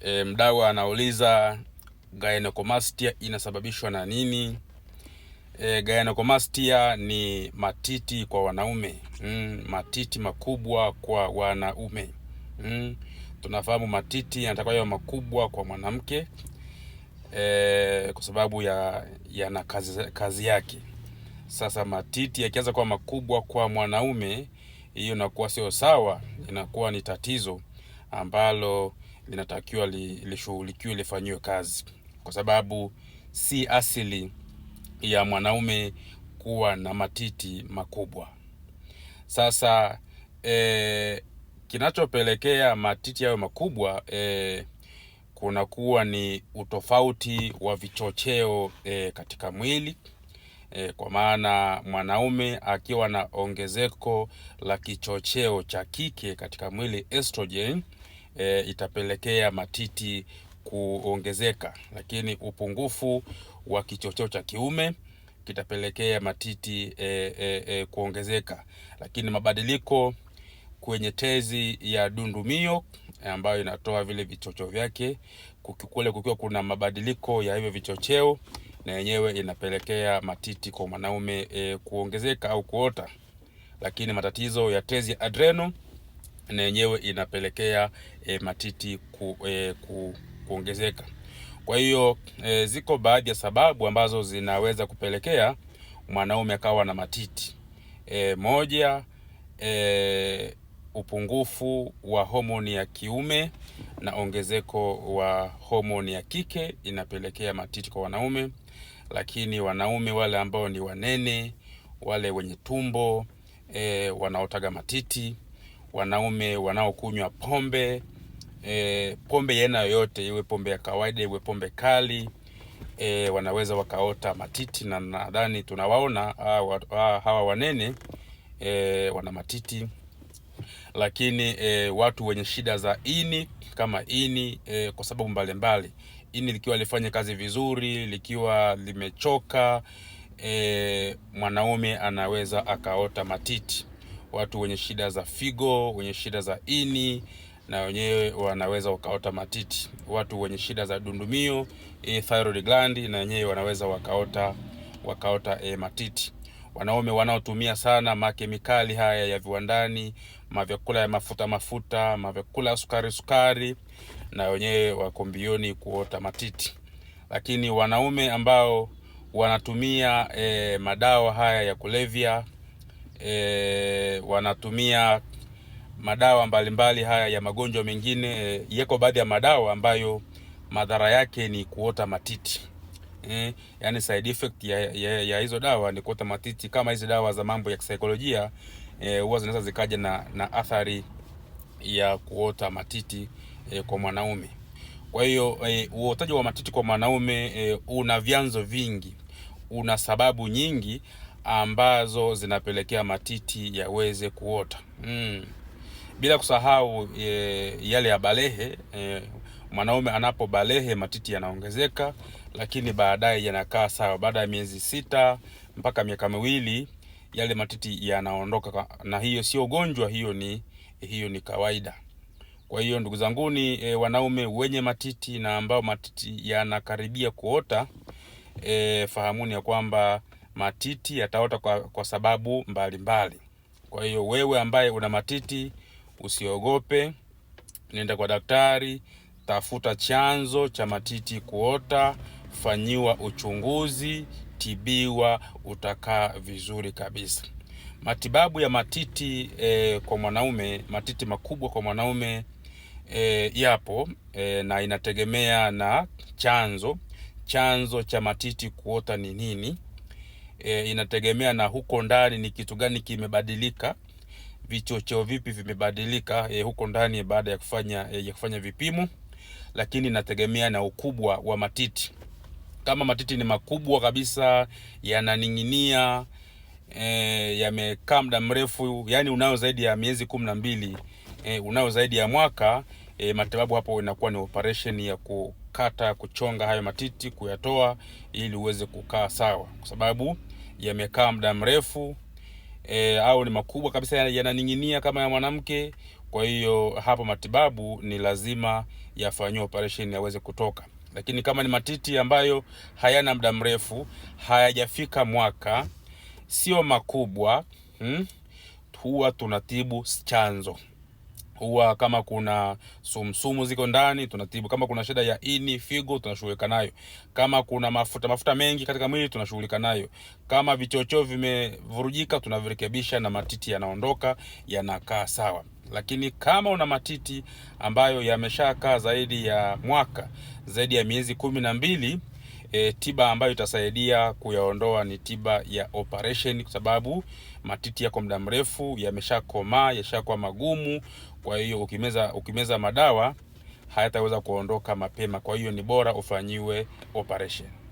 E, mdau anauliza gynecomastia inasababishwa na nini? E, gynecomastia ni matiti kwa wanaume mm, matiti makubwa kwa wanaume mm. Tunafahamu matiti yanatakiwa yawe makubwa kwa mwanamke e, kwa sababu yana ya kazi, kazi yake. Sasa matiti yakianza kuwa makubwa kwa mwanaume, hiyo inakuwa sio sawa, inakuwa ni tatizo ambalo linatakiwa lishughulikiwe, lifanyiwe kazi, kwa sababu si asili ya mwanaume kuwa na matiti makubwa. Sasa e, kinachopelekea matiti yayo makubwa e, kunakuwa ni utofauti wa vichocheo e, katika mwili e, kwa maana mwanaume akiwa na ongezeko la kichocheo cha kike katika mwili estrogen e, itapelekea matiti kuongezeka, lakini upungufu wa kichocheo cha kiume kitapelekea matiti e, e, e, kuongezeka, lakini mabadiliko kwenye tezi ya dundumio e, ambayo inatoa vile vichocheo vyake kule, kukiwa kuna mabadiliko ya hivyo vichocheo, na yenyewe inapelekea matiti kwa mwanaume e, kuongezeka au kuota. Lakini matatizo ya tezi ya adreno na yenyewe inapelekea e, matiti ku, e, ku, kuongezeka. Kwa hiyo e, ziko baadhi ya sababu ambazo zinaweza kupelekea mwanaume akawa na matiti e, moja e, upungufu wa homoni ya kiume na ongezeko wa homoni ya kike inapelekea matiti kwa wanaume. Lakini wanaume wale ambao ni wanene, wale wenye tumbo e, wanaotaga matiti wanaume wanaokunywa pombe e, pombe yena yoyote, iwe pombe ya kawaida, iwe pombe kali e, wanaweza wakaota matiti, na nadhani tunawaona hawa, hawa wanene e, wana matiti lakini e, watu wenye shida za ini kama ini e, kwa sababu mbalimbali ini likiwa lifanye kazi vizuri likiwa limechoka e, mwanaume anaweza akaota matiti watu wenye shida za figo, wenye shida za ini na wenyewe wanaweza wakaota matiti. Watu wenye shida za dundumio, e, thyroid gland na wenyewe wanaweza wakaota wakaota e, matiti. Wanaume wanaotumia sana makemikali haya ya viwandani, mavyakula ya mafuta mafuta, mavyakula ya sukari sukari, na wenyewe wako mbioni kuota matiti. Lakini wanaume ambao wanatumia e, madawa haya ya kulevya e, wanatumia madawa mbalimbali mbali haya ya magonjwa mengine. Eh, yako baadhi ya madawa ambayo madhara yake ni kuota matiti eh, yani side effect ya, ya, ya hizo dawa ni kuota matiti. Kama hizi dawa za mambo ya kisaikolojia eh, huwa eh, zinaweza zikaja na, na athari ya kuota matiti eh, kwa mwanaume. Kwa hiyo eh, uotaji wa matiti kwa mwanaume eh, una vyanzo vingi, una sababu nyingi ambazo zinapelekea matiti yaweze kuota mm. Bila kusahau e, yale ya balehe e, mwanaume anapo balehe matiti yanaongezeka, lakini baadaye yanakaa sawa. Baada ya miezi sita mpaka miaka miwili yale matiti yanaondoka, na hiyo sio ugonjwa, hiyo ni hiyo ni kawaida. Kwa hiyo ndugu zanguni, e, wanaume wenye matiti na ambao matiti yanakaribia kuota, e, fahamuni ya kwamba matiti yataota kwa, kwa sababu mbalimbali. Kwa hiyo wewe ambaye una matiti usiogope, nenda kwa daktari, tafuta chanzo cha matiti kuota, fanyiwa uchunguzi, tibiwa, utakaa vizuri kabisa. Matibabu ya matiti e, kwa mwanaume, matiti makubwa kwa mwanaume e, yapo e, na inategemea na chanzo chanzo cha matiti kuota ni nini e, inategemea na huko ndani ni kitu gani kimebadilika, vichocheo vipi vimebadilika e, huko ndani baada ya kufanya, e, ya kufanya vipimo, lakini inategemea na ukubwa wa matiti. Kama matiti ni makubwa kabisa yananing'inia E, yamekaa muda mrefu, yani unao zaidi ya miezi kumi na mbili e, unao zaidi ya mwaka e, matibabu hapo inakuwa ni operation ya kukata, kuchonga hayo matiti, kuyatoa ili uweze kukaa sawa, kwa sababu yamekaa muda mrefu e, au ni makubwa kabisa yananing'inia kama ya mwanamke. Kwa hiyo hapo matibabu ni lazima yafanyiwe operation yaweze kutoka, lakini kama ni matiti ambayo hayana muda mrefu, hayajafika mwaka, sio makubwa hmm, huwa tunatibu chanzo huwa kama kuna sumsumu ziko ndani tunatibu, kama kuna shida ya ini, figo tunashughulika nayo, kama kuna mafuta mafuta mengi katika mwili tunashughulika nayo, kama vichochoo vimevurujika tunavirekebisha na matiti yanaondoka, yanakaa sawa. Lakini kama una matiti ambayo yameshakaa zaidi ya mwaka, zaidi ya miezi kumi na mbili E, tiba ambayo itasaidia kuyaondoa ni tiba ya operation, kwa sababu matiti yako muda mrefu yameshakomaa, yashakuwa magumu. Kwa hiyo ukimeza ukimeza madawa hayataweza kuondoka mapema, kwa hiyo ni bora ufanyiwe operation.